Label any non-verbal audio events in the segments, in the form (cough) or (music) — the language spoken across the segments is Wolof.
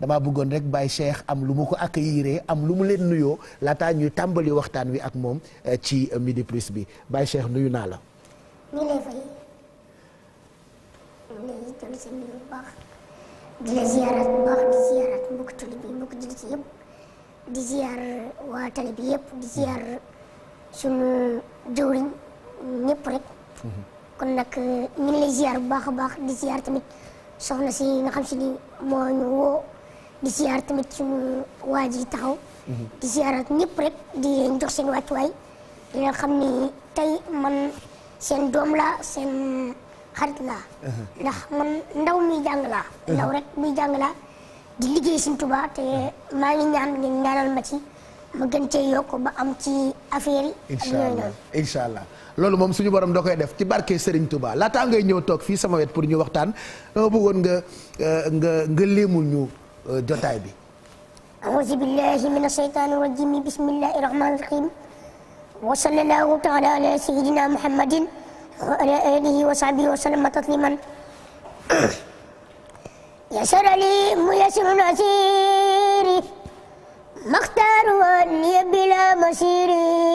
dama bëggoon rek Baye Cheikh am lu mu ko accueillir am lu mu leen nuyoo laataa ñuy tàmbali waxtaan wi ak moom eh, ci eh, midi plus bi Baye Cheikh nuyu naa la. ñu lay fay. bu baax. di la ziyaaraat bu baax di ziyaaraat mbokk tali bi mbokk jullit ci yëpp di ziyaar waa tali bi yëpp di ziyaar sunu jëwriñ ñëpp rek. Mhm. kon nag eh, ñu ngi lay ziyaar bu baax a baax di ziyaar tamit soxna si nga xam si ni moo ñu woo. di siyaar tamit suñu waa taxaw mhm. di siyaarat ñëpp rek di jox seen wàccuwaay dina xam ni tay man seen dom laa seen xarit laa mhm. ndax man ndaw mi jang laa mhm. ndaw rek mi jang laa di liggéey Sëñ Tuubaa te maa ngi ñaan ngeen ñaanal ma ci ma gën cee yokk ba am ci affaire yi suñu borom da def ci barke Serigne Touba laataa ngay ñëw tok fi sama wet pour ñu waxtaan dama bëggoon nga euh, nga nga léemul ñu جوتاي بي اعوذ بالله من الشيطان الرجيم بسم الله الرحمن الرحيم وصلى الله تعالى على سيدنا محمد وعلى اله وصحبه وسلم تسليما (coughs) يسر لي ميسر نسيري مختار واني بلا مسيري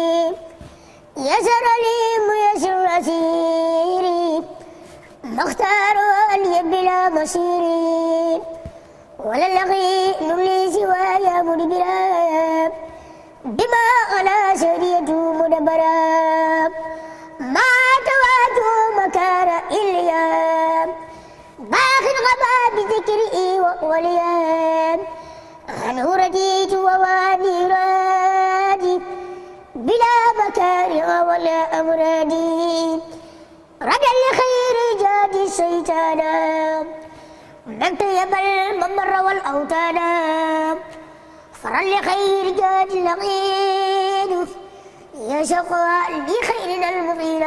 يسر لي ميسر نسيري مختار واني بلا مسيري ولا الذي سوا يا مدبرا بما على سرية مدبرا ما توات مكار إليا باخ غبا بذكري وأوليا عنه رديت ووادي رادي بلا مكارع ولا أمرادي رجل خير جادي الشيطان أنت يا بل من مر والأوتان فرا لخير جاد لغين يا شقاء لخيرنا المغير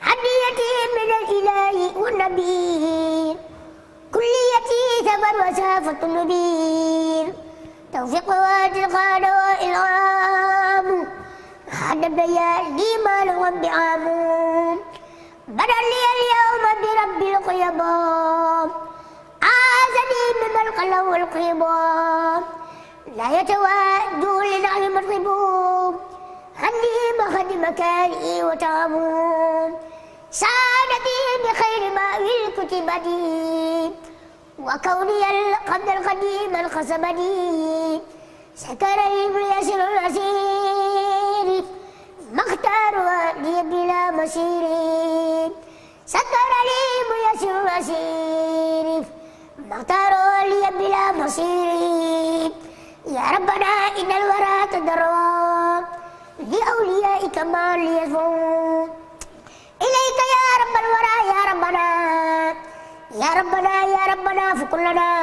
حبيتي من الإله والنبي كليتي ثمر وسافة النبيل توفيق الخان وإلغام حد بيان لي مال وبعام بدا لي اليوم برب القيامات والقلم والقمام لا يتواد لنعي مطلبهم هني مخد مكاني وتعبون سعادتي بخير ما الكتبني وكوني القبض القديم سكر سكرني باليسر العسير مختار وادي بلا مسير سكر باليسر العسير مختار لي بلا مصير يا ربنا إن الورى تدرى لأوليائك ما ليزفوا إليك يا رب الورى يا ربنا يا ربنا يا ربنا فكلنا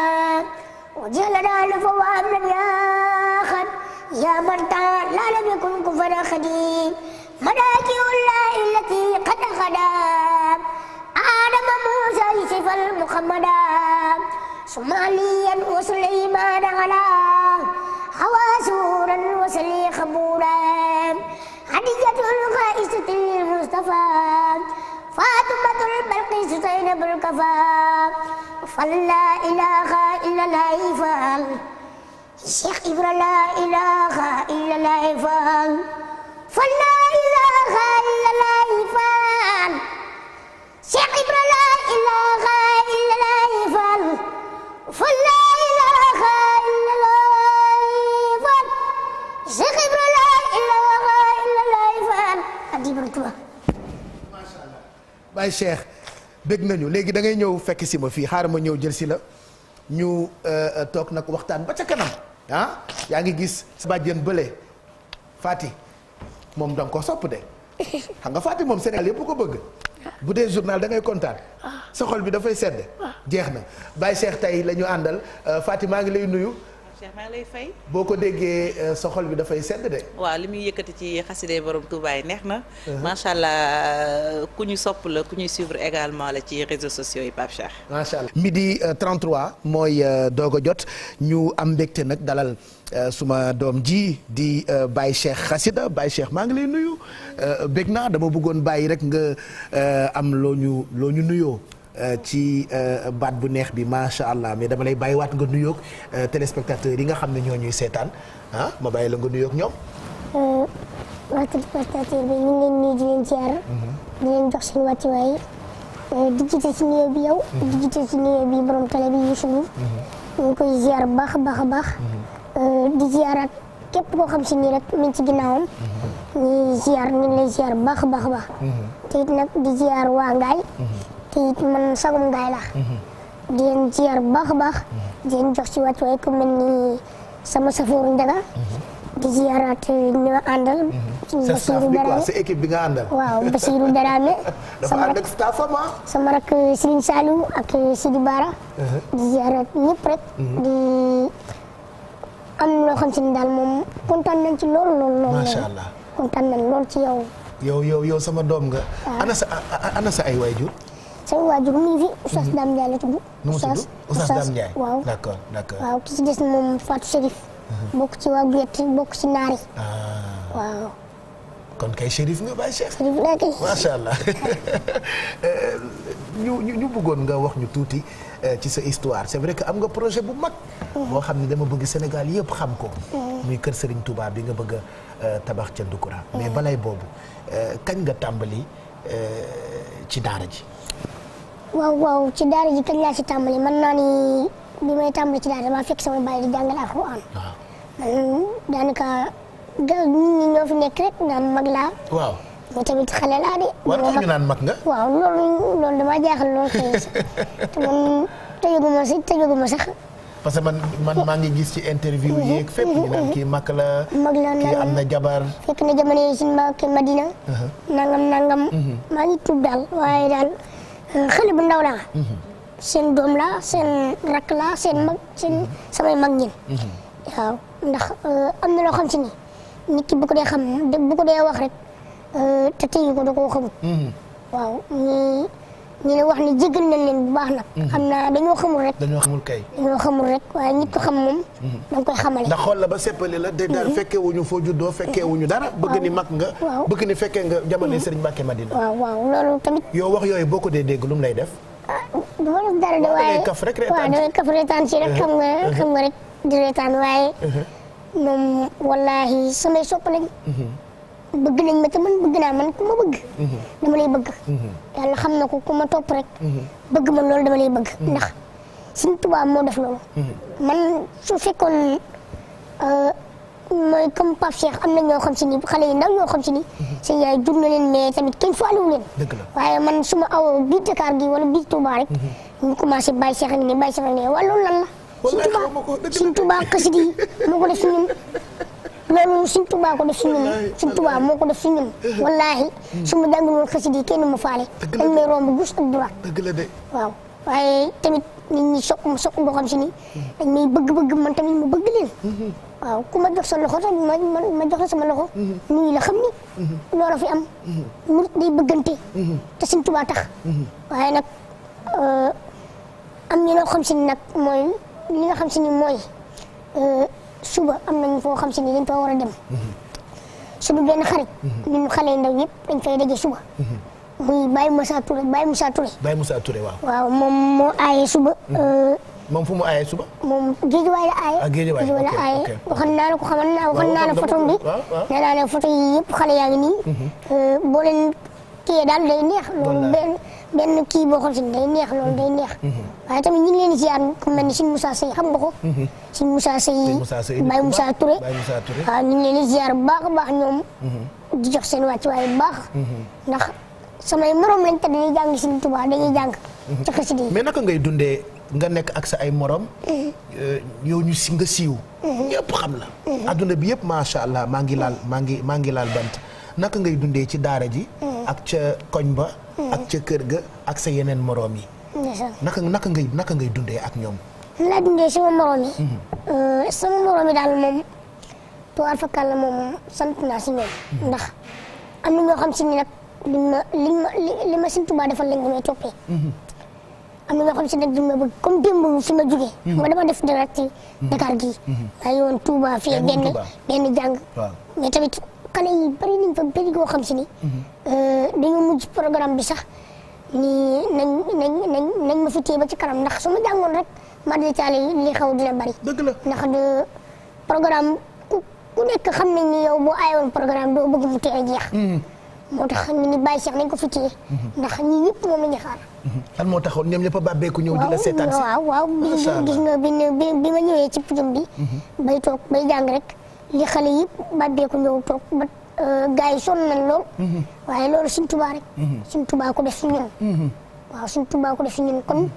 وجعلنا لفوا أمنا يا خد يا من لا لم يكن كفنا خديم مناكي الله التي قد خدا آدم موسى يسف محمدا صوماليا عليا وسليمان على حواسورا وسلي خبورا خديجة الغائسة للمصطفى فاطمة البلقيس زينب الكفا فلا إله إلا الله الشيخ إبرا لا إله إلا الله فلا إله إلا الله شيخ إبرا لا Baye Cheikh bëgg nañu léegi dangay ngay ñëw fekk si ma fii xaaral ma ñëw jël si la ñu euh, euh, toog nag waxtaan ba ca kanam ah yaa ngi gis sa bàjjen bële Fati moom da nga ko sopp de (laughs) xam nga Fati moom Sénégal yëpp ko bëgg bu dee journal da ngay kontaan ah. sa bi dafay sedd ah. jeex na Baye Cheikh tey la àndal euh, Fati maa ngi lay nuyu. Cheikh maa ngi lay fay. boo ko déggee euh, sa xol bi dafay sedd de. waaw li muy yëkkati ci xaside borom Touba yi neex na. Uh-huh. macha allah euh, ku ñu sopp la ku ñuy suivre également la ci réseaux sociaux yi Pape Cheikh. macha allah midi 33 euh, mooy doog a jot ñu am mbégte nag dalal suma doom ji di Baye Cheikh Xasida Baye Cheikh maa ngi lay nuyu. bég naa dama bëggoon bàyyi rek nga am loo ñu loo ñu nuyoo. Euh, ci euh, baat bu neex bi macha allah mais dama lay bàyyi waat nga nuyoog euh, téléspectateurs yi nga xam ne ñoo ñuy seetaan ah ma bàyyi la nga nuyoog ñoom. waa téléspectateur bi ñu ngi leen nuyu di leen ziar. Mhm. di si nuyoo bi yow. Mhm. di jiite si nuyoo bi borom télé bi Youssou Ndour. Mhm. ñu ngi koy ziar baax a baax a baax. di ziaraat képp koo xam si nii rek mi ngi ci ginnaawam. ñuy ñu ngi lay baax baax baax. te nag di ziar waa Ngaye. في من صغم قايلة دين جير بخ بخ دين جوشي واتويكم sama Safur Ndaga kan? mhm. di ziarat ñu andal ci Bassirou Darame sa équipe bi nga andal waaw (laughs) sama rak Serigne Salou ak Sidi Bara mhm. di ziarat ñëpp rek di am anu loo xam ci daal moom kontaan nañ ci lool lool lool allah nañ lool ci yow yow yow yow sama doom nga ya. ana sa ana sa ay sama waajur mu ngi fi mm-hmm. Oustaz Dame Ndiaye la tudd. Oustaz Oustaz Dame Ndiaye waaw d'accord d'accord waaw ki ci des moom Fatou Chérif. Mm-hmm. bokk ci waa Guyette bokk ci Naar yi. Ah. waaw. kon kay Chérif nga bàyyi Cheikh. Chérif laa kay macha allah (laughs) ñu ñu bëggoon nga wax ñu tuuti eh, ci sa histoire c'est vrai que am nga projet bu mag. Mm-hmm. boo xam ne dama bëgg Sénégal yëpp xam ko. muy kër Serigne Touba bi nga bëgg a eh, tabax ca Ndoukoura. mais balay boobu eh, kañ nga tàmbali ci daara ji. waaw waaw ci daara ji kañ laa si tàmbali mën naa ni bi may tàmbali ci daara damaa fekk sama baay di jàngal alxuraan. man daanaka gars nit ñi ñoo fi nekk rek naan mag laa. waaw mais tamit xale laa de. mag nga. (laughs) te man tëjaguma si sax. parce que man man maa ngi gis ci interview mhm. yeeg mhm. mag la. mag la kii am na jabar. fekk na jamono si ma kii Madina. Mhm. nangam nangam. maa ngi tudd daal waaye daal. xale bu ndaw laa seen doom laa seen rakk laa seen mag seen samay mag ñin waaw ndax euh, am na loo xam si ni nit ki bu ko dee xam bu ko dee wax rek euh, te téye ko da koo xamul mm-hmm. waaw ñu ne wax ni jégal nañ leen bu baax nag. Mhm. xam naa dañoo xamul rek. dañoo xamul kay. dañoo xamul rek waaye ñi ko xam moom. Mhm. da nga koy xamale. ndax la ba seppali la day daal mhm. fekkee wuñu foo juddoo fekkee wuñu dara. bëgg ni mag nga. bëgg ni fekkee nga jamono Serigne Mbacké Madina. waaw waaw loolu tamit. yow wax yooyu boo ko dee dégg lu lay def. Ah, du ma def dara de waaye waaw kaf rek xam nga xam nga rek di reetaan waaye. moom wallaahi samay sopp lañ. bëgg nañ ma te man bëgg naa man ku ma bëgg. Mhm. dama lay bëgg. Mhm. yàlla xam na ko ku ma topp rek. Mhm. bëgg man da dama lay bëgg. ndax suñ tubaab moo def ma man su fekkoon euh, mooy comme Pape Cheikh am na ñoo xam si ni xale yi ndaw ñoo xam si ni. seen yaay jur na leen mais tamit kenn leen. waaye man su ma awoo biir Dakar gi wala biir Touba rek. ñu commencé Baye Cheikh ak ne Baye ne waaw loolu lan la. wallaahi xaw ma ko dëgg la suñ tubaab suñ tubaab xasida loolu suñ ko def si ñun suñ tubaa moo ko de si ñun wallaahi su ma jàngul woon xasida yi kenn mu faale dañ may romb gauche ak droite dëgg la de waaw waaye tamit nit ñi soq soq boo xam si ni dañ may bëgg-bëgg man tamit mu bëgg leen mm-hmm. waaw ku ma jox sa loxo tamit ma ma jox la sama loxo mm-hmm. nuyu la xam mm-hmm. fi am murit day bëggante te suñ tubaa tax waaye nag euh, am ñu loo xam si ni nag mooy li nga xam si ni mooy euh, suba am nañ foo xam si ni dañ fa war a dem. suñu benn xarit. ñun xale yu ndaw ñëpp dañ fay daje suba. muy Baye Moussa Touré Baye Moussa Touré. Baye Moussa Touré waaw. waaw moo suba. Hmm. Euh, fu mu aaye suba. moom géej waay la aaye. ah géej waay ok la la ko xamal naa waxoon naa la photo bi. nee naa la photo yi yëpp yaa ngi nii. Hmm, hmm. Euh, boo leen kii daal day neex. loolu benn. benn kii boo xam si day neex loolu day neex. Mhm. waaye tamit ñu leen di ziar ku mel ni Sëñ Moussa xam nga ko. Mhm. Sëñ Moussa Seye Baye Moussa Touré waaw ñu ngi leen di ziar bu baax a baax ñoom. Mhm. di jox seen wàccuwaay bu baax. ndax samay morom lañ te dañuy jàng Sëñ Tuubaa dañuy jàng. ci xasida yi mais naka ngay dundee nga nekk ak sa ay morom. Euh, yow si nga siiw. ñëpp xam la. adduna bi yëpp macha allah maa ngi laal maa ngi maa ngi laal bant. naka ngay dundee ci daara ji. Mm. ak ca koñ ba. Mm. ak ca kër ga ak sa yeneen moroom yi. naka naka ngay naka ngay dundee ak ñoom. nu laa dundee sama moroom yi. Mm-hmm. Euh, sama moroom yi daal moom. tuwaar la mm-hmm. ndax am na ñoo xam si ne nag li ma defal lañ may toppee. Mm-hmm. am na ñoo xam si nag duñ ma bëgg comme démb fi ma jógee. ma dama def direct ci Dakar gii. maa woon Touba fii benn jàng. mais tamit xale yi bëri nañ fa bëri goo xam si ni. Mhm. Euh, dañoo mujj programme bi sax nii nañ nañ ma fi téye ba ci kanam ndax su ma jàngoon rek ma di taale li xaw dina bëri. dëgg la ndax de programme ku ku nekk xam nañ ni yow boo aayoon programme doo bëgg mu teel a jeex. Mhm. moo tax ñu ni bàyyi Cheikh nañ ko fi téye. Mhm. ndax ñi ñëpp moom la xaar. lan moo taxoon ñoom ñëpp a bàbbeeku ñëw di la seetaan si. waaw waaw bi gis nga bi ñëwee ci pujum bi. bay toog bay jàng rek. li xale yëpp bàbbeeku ñëw toog ba euh, gars yi sonn nañ lool. Mhm. waaye loolu suñ tubaa rek. Mhm. suñ tubaa ko def si ñun. Mhm. waaw suñ tubaa ko def si ñun kon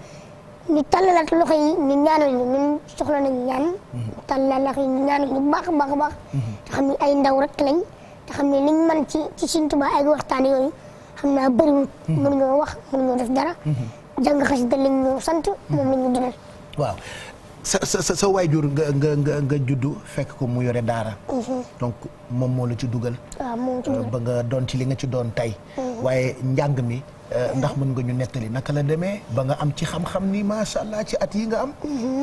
ñu tàllalaat loxo yi ñu ñaanal ñu ñun soxla nañu ñaan. ñu tàllalaat loxo yi ñu ñaanal ñu baax a xam ne ay ndaw rek lañ te xam ne liñ mën ci ci suñ ay waxtaan yooyu xam naa bëriwut. mënuñoo wax mënuñoo def dara. jàng xasida lañ ñu sant moom ñu dundal. waaw. sa sa sa waajur nga nga nga nga juddu fekk ko mu yore daara. Mhm. donc moom moo la ci ah, euh, dugal. ba nga doon ci li nga ci doon tey. Mhm. waaye njàng mi. Euh, mhm. ndax mën nga ñu nettali naka la demee ba nga am ci xam-xam ni macha allah ci at yi nga am.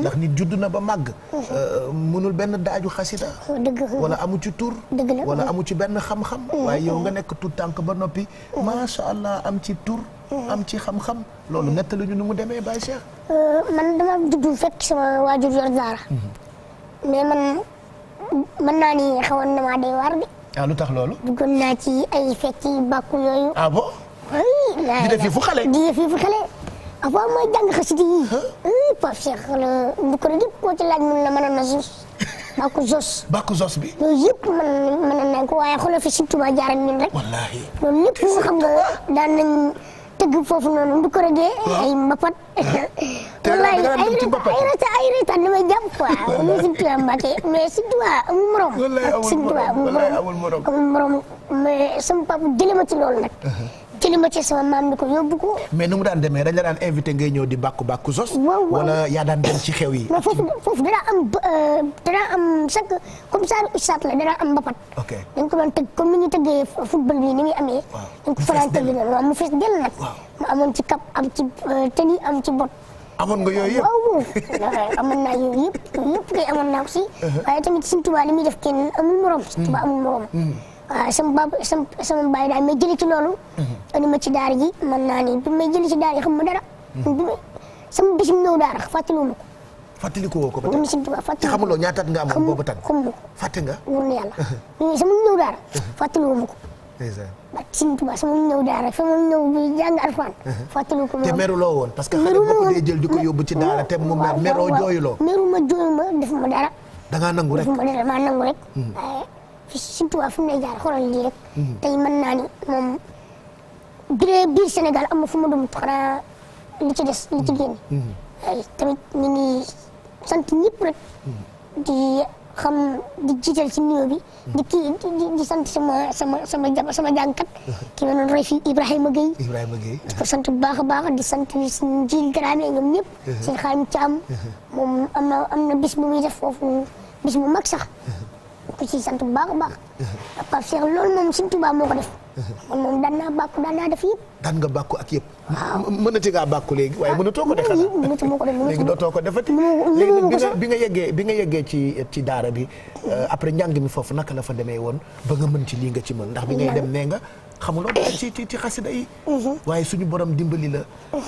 ndax nit judd na ba màgg. Euh, mënul benn daaju xasida oh, wala amu ci tur. wala amu ci benn xam-xam. waaye yow nga nekk tout tànk ba noppi. macha allah am ci tur. Mm-hmm. am ci xam-xam loolu nettali ñu nu mu demee Baye Cheikh. Euh, man dama juddu fekk sama waajur yor daara. Mm-hmm. mais man mën naa ni xawoon na maa day waar bi. ah lu tax loolu. duggoon naa ci ay fecc bàkku yooyu. ah bon. oui di def fi fu xale. di def fi fu xale. avant mooy jàng xasida yi. Pape Cheikh la bu ko def koo ci laaj mun la mën a na sos. bàkku sos. bàkku sos bi. yooyu yëpp mën mën na ko te foofu noonu bu ko rëggee ay mbapat. (laughs) wallaay ay reetaan ay reetaan ay reetaan damay jàpp quoi mu si tuwa Mbacke mais si tuwa amul morom. wallaay amul morom amul mais sama papa jëlee ma ci loolu ci li ma ci sama maam ni ko yóbbu ko. mais nu mu daan demee dañ la daan invité ngay ñëw di bàkku bàkku sos. wala yaa daan dem ci xew yi. foofu foofu danaa am euh, danaa am chaque comme ça ustaat la danaa am mbapat. ok dañ ko doon tëgg comme ni ñu tëggee football bi ni muy amee. dañ ko fa daan tëgg noonu waaw mu fees dell nag. mu amoon ci cap am ci euh, tëni am ci bot. amoon nga yooyu yëpp waaw (laughs) amoon naa yooyu yëpp yëpp kay amoon naa ko si. Uh-huh. waaye tamit Sëñ Tuubaa li muy def kenn amul morom. Sëñ Tuubaa amul morom. Mm-hmm. waaw ah, sama bab sama sama baay daal may jëli ci loolu. indi mhm. ma ci daara ji man naa ni bi may jëli ci daara ji xam ma dara. bi mhm. ma sama bis mu ñëw daara fàttaliwu ko. fàttaliku woo ko ba tey xamuloo ñaataat nga amoon boobu tan xamuloo fàtte nga. wóor na (laughs) sama ñëw daara. Mhm. ko. ba Sëriñ Tuubaa sama ñëw daara sama ñëw ko te meruloo woon parce que xale yóbbu ci daara te mu meroo jooyuloo meru ma jooyu ma def ma dara da nangu rek fi Sëñ Tuubaa fu mu lay jaar xoolal lii rek. tey mën naa ni moom biir biir Sénégal am na fu mu dum xanaa li ci des li ci génn. ay tamit ñu ngi sant ñëpp rek. di xam di jiital ci nuyoo bi. di kii di sant sama sama sama jàpp sama jàngkat. ki ma doon roy fii Ibrahima Gueye. Ibrahima Gueye di ko sant bu baax a baax di sant suñu jiil garaame ñoom ñëpp. seen xaalis caam moom am na am na bis bu muy def foofu bis bu mag sax. ku ci sant bu baax a baax. Pape Cheikh loolu moom Sëñ Tuubaa moo ko def. man moom daan naa bàkku daan naa def yëpp. daan nga bàkku ak yëpp. waaw mënati ngaa bàkku léegi waaye mënatoo ko defee. mënatu moo ko def léegi dootoo ko defati. léegi bi nga yeggee bi nga yeggee ci ci daara bi. Eh, après njàng mi foofu naka la fa demee woon ba nga mën ci lii nga ci mën ndax bi ngay dem nee nga. xamuloo dara ci ci ci xasida yi. Mhm. waaye suñu borom dimbali la.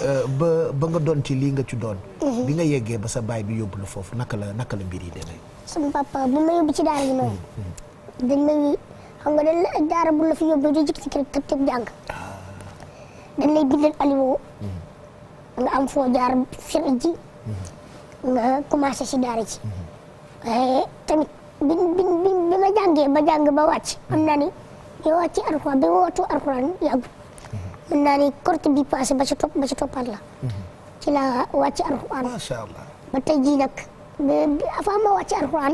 Eh, ba ba nga doon ci lii nga ci doon. Mhm. bi nga yeggee ba sa baay bi yóbbu la foofu naka la naka la mbir yi demee. sama papa bu ma yóbbu ci daara ji noonu dañ may xam nga dañ la daara bu la fi yóbbu di jikk aliwo am foo jaar fir ji nga commencé si daara eh, tamit bi bi ma ba jàng ba wàcc am naa ni yow wàcc alxuraan ba wootu alxuraan yàggu mën naa ni korte bi passé ba ci topp ba ci toppaat la mm-hmm. ci la ba tey jii avant ma acaruan, alxuraan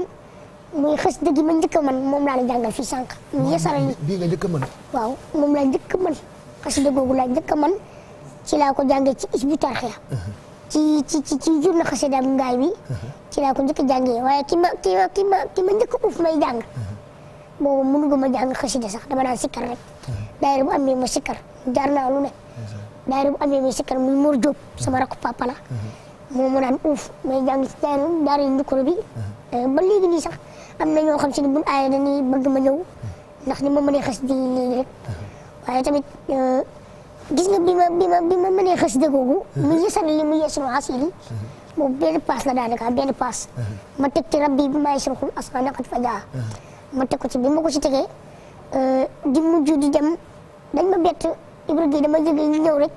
muy xasida gi ma njëkk a mën moom la jàngal fii sànq. mu yasara yi bii nga njëkk a mën. waaw moom laa njëkk a mën xasida googu laa njëkk ci laa ko jàngee ci isbu tarxiya uh-huh. ci ci ci ci jur na xasida ngaay bi. ci laa ko njëkk ki ma ki ki ma ki ma ma sax dama sikkar rek. bu ma sikkar lu ne. bu ma sikkar muy sama rakku papa la. Uh-huh. moom mu naan uuf may jàng ci daara Ndukuru bi uh-huh. eh, ba léegi nii sax am na ñoo xam si ne buñ aayee dañuy bëgg ma ñëw uh-huh. ndax ni ma mënee xas di léegi rek uh-huh. waaye tamit eh, gis nga bi ma bi ma bi ma mënee xas dëggoogu mu yësal li mu yësalu asil yi boobu benn paas la daanaka benn paas ma teg ci rabbi bi maay surxul asra naqat fa jaa ma teg ko ci bi ma ko ci tegee eh, di mujj di dem dañ ma bett Ibra Gueye dama jógee ñu ñëw rek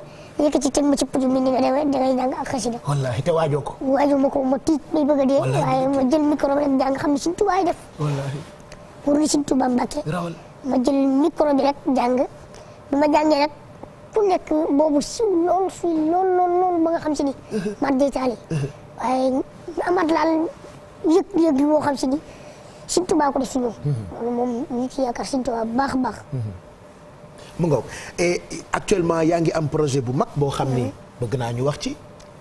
yëkkati teg ma ci puju mi ni nga demee da ngay jàng ak xasida wallaahi te waajoo ko waajoo ma ko ma bay bëgg a dee waaye ma jël micro bi rek jàng xam ne Sëriñ Tuubaa rek jàng nekk boobu siw lool lool lool lool nga xam si ni mat détaillé waaye amat laal yëg-yëg bi boo xam si ni Sëriñ Tuubaa ko def si ñoom loolu moom ñu ci yaakaar Sëriñ Tuubaa baax baax Mengok, eh, e, actuellement yaa ngi am projet bu mak bo xamni ni mm-hmm. bëgg naa ñu wax ci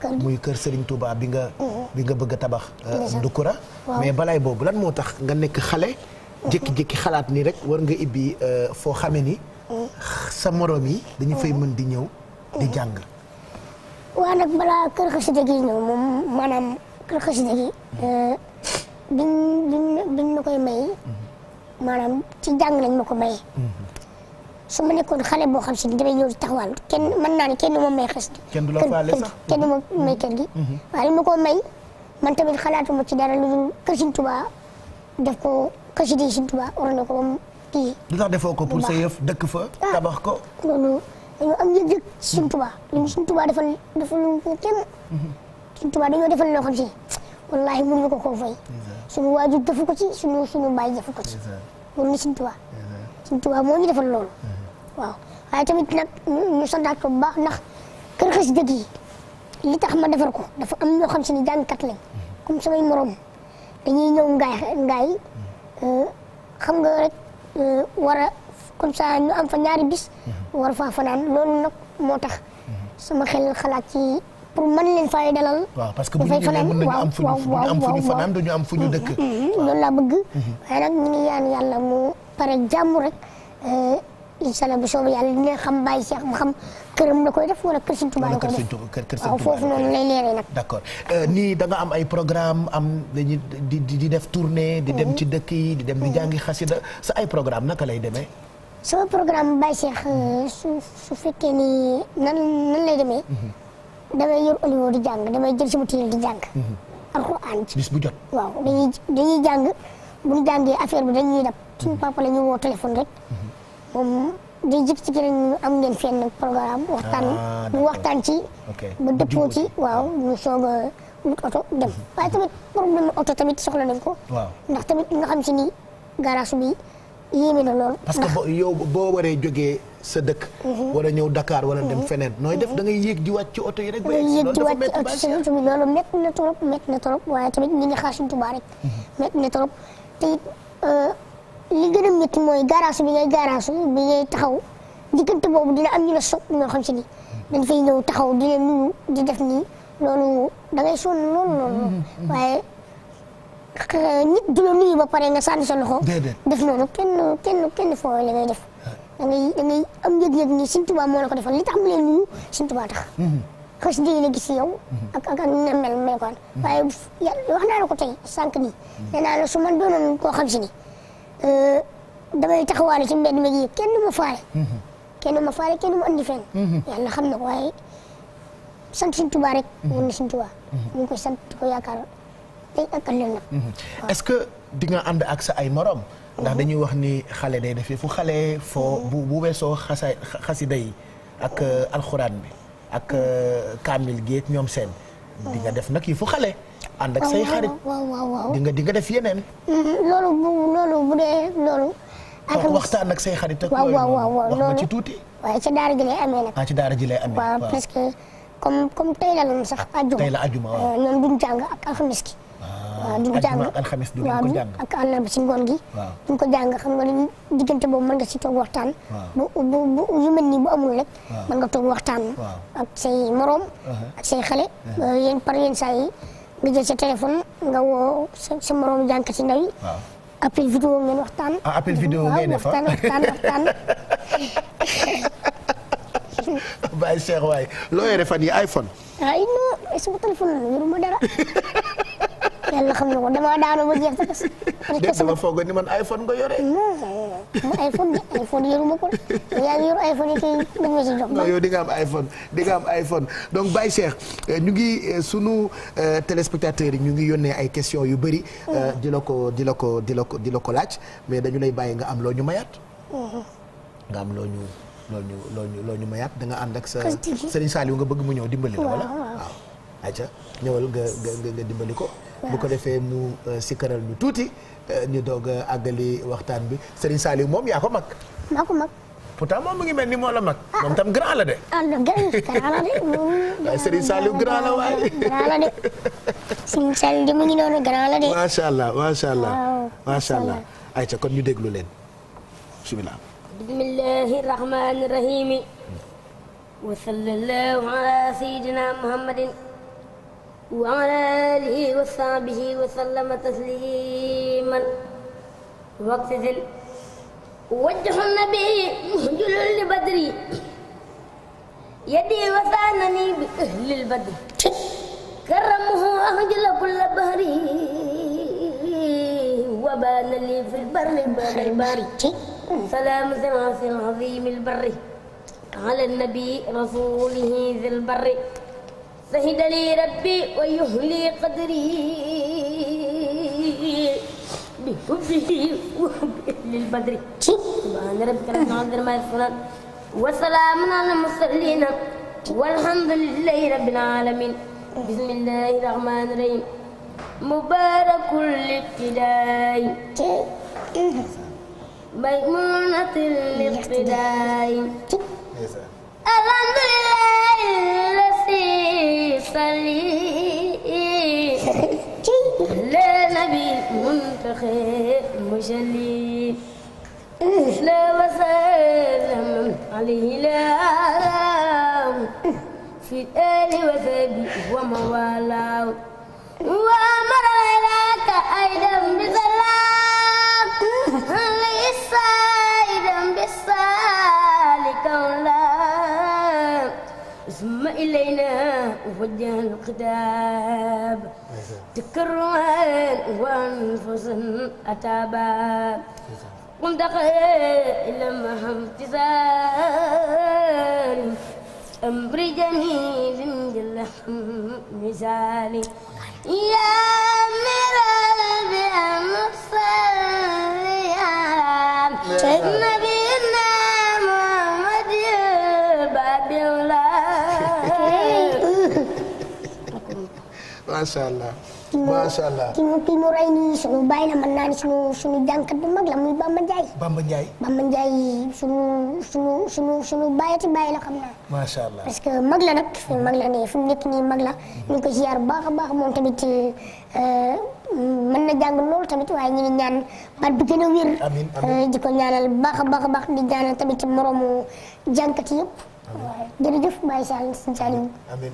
kan? muy kër Serigne Touba bi nga mm-hmm. bi nga bëgg tabax euh, ndukura mais balay bobu lan motax nga nek xalé mm-hmm. jékki-jékki xalaat ni rek war nga ibi euh, fo xamé ni sa morom yi dañu fay mën di ñew di jang wa nak bala kër xasida gi ñëw moom manam kër xasida degi euh bin bin bin nakoy may manam ci jang lañ mako may su ma nekkoon xale boo xam si ni damay ñëw taxawal kenn mën ne kenn du ma may xas. kenn du la faale sax kenn du ma may kër gi. Mm-hmm. Mm-hmm. waaye ma ko may man tamit xalaatuma ci dara lu dul kër Sëriñ Tuubaa def ko kër Sëriñ Tuubaa war na ko ba mu kii. lu defoo ko pour sa yëf dëkk fa. Ah, tabax ko loolu dañoo am yëg-yëg Sëriñ mm-hmm. Tuubaa ñun Sëriñ Tuubaa defal defal lu ko kenn. Sëriñ Tuubaa dañoo defal loo xam si koo fay. suñu waajur defu ci suñu suñu baay defu ko ci. loolu la Sëriñ moo ñu defal loolu. waaw waaye tamit nag ñu santaat ko baax ndax kër xasida gi li tax ma defar ko dafa am ñoo xam si ne jàngkat kom comme samay morom dañuy ñëw ngaay ngaay euh, xam nga rek euh, war a comme am fa ñaari bis war faa fanaan loolu nag moo tax sama xel xalaat ci pour mën leen fay dalal. waaw parce que bu ñu ñëwee am fu ñu fanaan ñu dëkk. Mm-hmm. loolu laa bëgg. Mm-hmm. waaye nag ñu ngi yaan yàlla mu pare jàmm rek. Euh, incha allah bu soobee yàlla dina xam Baye Cheikh mu xam këram la koy def wala kër Sëñ Tuubaa la koy def waaw foofu noonu lay leeree nag d'accord euh, nii da nga am ay programme am dañuy di di def tournée di dem mhm. ci dëkk yi di dem di mhm. jàngi xasida sa ay programme naka lay demee sama programme Baye Cheikh mhm. euh, su su fekkee ni nan nan lay demee damay yor olivo di jàng damay jël sama téere di jàng alxuraan bis bu jot waaw dañuy dañuy jàng buñ jàngee affaire bi dañuy dab suñu papa la ñu woo téléphone rek moom di jib ci keneen am ngeen fenn programme. waxtaan ah, ñu waxtaan ci. ba dëppoo ci waaw ñu soog a wut oto dem. Mhm. waaye tamit problème oto tamit soxla nañ ko. ndax tamit nga xam si ni garage bi yéeme na lool. parce que yow boo waree jógee sa dëkk. Mhm. wala ñëw Dakar wala dem mhm. feneen. nooy def da ngay yéeg di wàcc ci oto yi rek. ba yéeg ci wàcc ci oto si loolu métti na trop métti na trop waaye tamit ñu ngi xaasuñ tubaab rek. métti na trop te it. Euh, li gën a métti mooy garage bi ngay garage bi ngay taxaw diggante boobu dina am ñu la sopp ñoo xam si ni dañ fay ñëw taxaw di leen nuyu di def nii loolu da ngay sonn loolu loolu mm-hmm. mm-hmm. waaye nit du la nuyu ba pare nga sànni sa loxo def noonu kenn kenn kenn foo li ngay def da ngay da am yëg-yëg ni Sëñ Tuubaa moo la ko defal li tax mu leen nuyu Sëñ Tuubaa tax mm-hmm. xës di la gis yow ak ak ak na mel melokaan waaye wax naa la ko tey sànq nii nee naa la su man doonoon koo xam si ni damay taxawaale ci mbedd mi gi kenn du ma faale. Mhm. kenn du ma faale kenn du ma andi fenn. Mhm. yàlla xam na ko waaye sant Sëñ Tuubaa rek. mën na Sëñ Tuubaa. ñu mhm. ngi koy sant di ko yaakaar tey ak ëllëg nag. est-ce que di nga ànd ak sa ay morom. ndax dañuy wax ni xale day def fu xale foo bu bu weesoo xasa xasida yi ak alxuraan bi ak kaamil géeg ñoom seen. di nga def nag yi fu xale. andak say xarit. di nga di nga def yenen lolu bu loolu bu de lolu ak waxtaan ak say ah, xarit ah, ak. waaw waaw waaw loolu ma ci touti waaye ci daara ji lay amé nak ah ci daara ji lay amé waaw parce que comme comme tay la loolu sax. ajjuma tay la ajjuma waaw non buñu jang ak alxames ki waaw duñ ak du ko ak gi. ko xam nga nga bu bu yu bu amul rek. mën nga toog waxtaan. ak say moroom. ak say par nga jël sa téléphone nga woo sa sa moromu jànk ci ndaw yi. appel waxtaan. ah appel vidéo ngeen waxtaan waxtaan waxtaan. (laughs) bàyyi Cheikh waay loo yore fan yi iPhone. ah non sama téléphone la yoruma dara. (laughs) yàlla xam na ko damaa daanu ba jeex. parce que dégg ma foog ni man iPhone nga yore. iPhone iPhone di ma ko yaa ngi yor iPhone itu kay dañ ma si jox non iPhone di iPhone Dong, Baye Cheikh eh, ñu eh, sunu eh, téléspectateurs yi ñu ngi yónnee ay questions yu bëri mm. di la ko di la ko di la ko di la ko laaj mais dañu lay bàyyi nga am loo ñu nga am loo ñu loo ñu loo da nga ànd ak sa Serigne Saliou nga bëgg mu ñëw dimbali la wala Aja aca ñëwal nga nga nga dimbali ko bu ko defee mu sikkaral ñu tuuti ñu doog a àggali waxtaan bi Serigne Saliou moom yaa ko mag. maa ko mag. pourtant moom mu ngi mel ni moo la mag. Ah. moom tam grand la de. ah non grand la de (laughs) moom. waaye Serigne Saliou grand la waaye. grand la de Serigne Saliou de mu ngi noonu grand la de. macha allah macha allah macha allah. ayca kon ñu déglu leen bisimilah. bismillahi rahmani rahim. wa sallallahu ala sayyidina muhammadin wa ala alihi wa sahbihi wa sallama taslima من وقت ذل وجه النبي مهجل لبدري يدي وثانني بأهل البدر كرمه أهجل كل بهري وبان لي في البر بار باري سلام سماس العظيم البر على النبي رسوله ذي البر سهد لي ربي ويهلي قدري ربي وبه وحب للبدر سبحان ربك رب ما يصفون وسلام على المرسلين والحمد لله رب العالمين بسم الله الرحمن الرحيم مبارك الابتداء ميمونة الاقتداء إيه، الحمد لله الذي صلي النبي منتخب مجلي لا وسلم عليه لا في الآل وثبي وموالاه وأمر لك أيضا بسلام ليس أيضا بسالك ولا اسم إلينا وجه الخطاب تكرهن وانفس اتابا قمت خير لما امتثال امر جميل للحم مثالي يا مرابي امر macha allah. macha allah kii mu kii mu rey nii sunu bàyyi la mën naa ni sunu sunu jànkat bu mag la muy Bamba Ndiaye. Bamba Ndiaye. Bamba Ndiaye sunu sunu sunu sunu bàyyati bàyyi la xam naa. macha allah parce que mag la nag. mag la nii fu mu nekk nii mag la. ñu ngi ko ziar baax a baax moom tamit euh, mën na jàng loolu tamit waaye ñu ngi ñaan baat bi gën a wér. amiin amiin euh, di ko ñaanal baax a baax a baax di ñaanal tamit moromu jànkat yëpp. waaw jërëjëf Baye Sall si Saliou. amiin.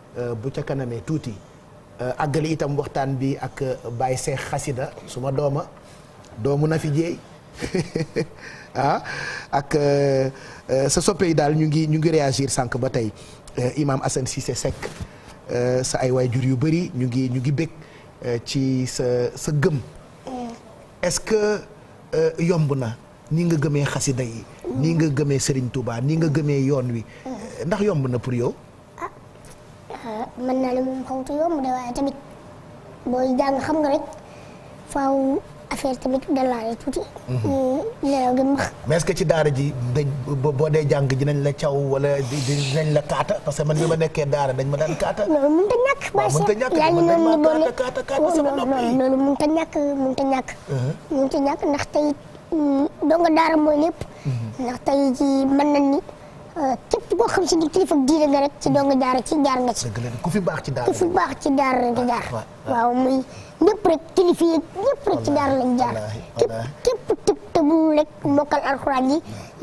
Euh, bu ca kanamee tuuti euh, àggali itam waxtaan bi ak euh, Baye Seex Xasida suma dooma doomu na fi jeey (laughs) ah ak sa soppe yi daal ñu ngi ñu ngi réagir sànq ba tey Imam Assane Cissé Seck sa ay jur yu bëri ñu ngi ñu ngi bëgg ci sa sa gëm mm. est-ce que yomb na ni nga gëmee xasida yi mm. ni nga gëmee Serigne Touba ni nga gëmee yoon wi mm. ndax yomb na pour yow mën naa ne moom xawtu yomb de waaye tamit booy jàng xam nga rek faaw affaire tamit dalaale tuuti. nelaw gi max. mais est ci daara ji dañ boo dee jàng nañ la caw wala nañ la kaata parce que man bi ma nekkee daara dañ ma daan kaata. a ñàkk. waaw mënut a ñàkk yaa ngi noonu ñu boole kaata kaata sama nopp yi loolu a ñàkk mënut a ñàkk. mënut a ñàkk ndax tey donga daara mooy lépp. ndax tey ji nañ ni. képp koo xam si ni kilifa diine nga rek ci doo nga daara ci jaar nga ci. dëgg la ku fi baax ci daara ku fi baax ci daara nga jaar. waaw muy ñëpp rek kilifa yi ñëpp rek ci daara lañ jaar. képp képp tëb tëbul rek mokkal alxuraan yi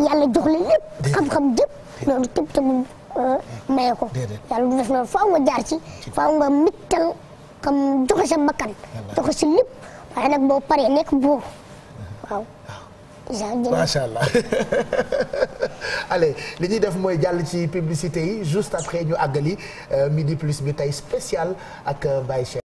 yàlla jox la lépp xam-xam jëpp loolu tëb tëbul euh, maye ko. yàlla du def loolu faaw nga jaar ci faaw nga mittal xam joxe sa bakkan joxe si lépp waaye nag boo paree nekk buur waaw. macha (laughs) allez les gens def mooy jàll ci publicité juste après ñu àggali euh, midi plus bi spécial avec euh, Mbaye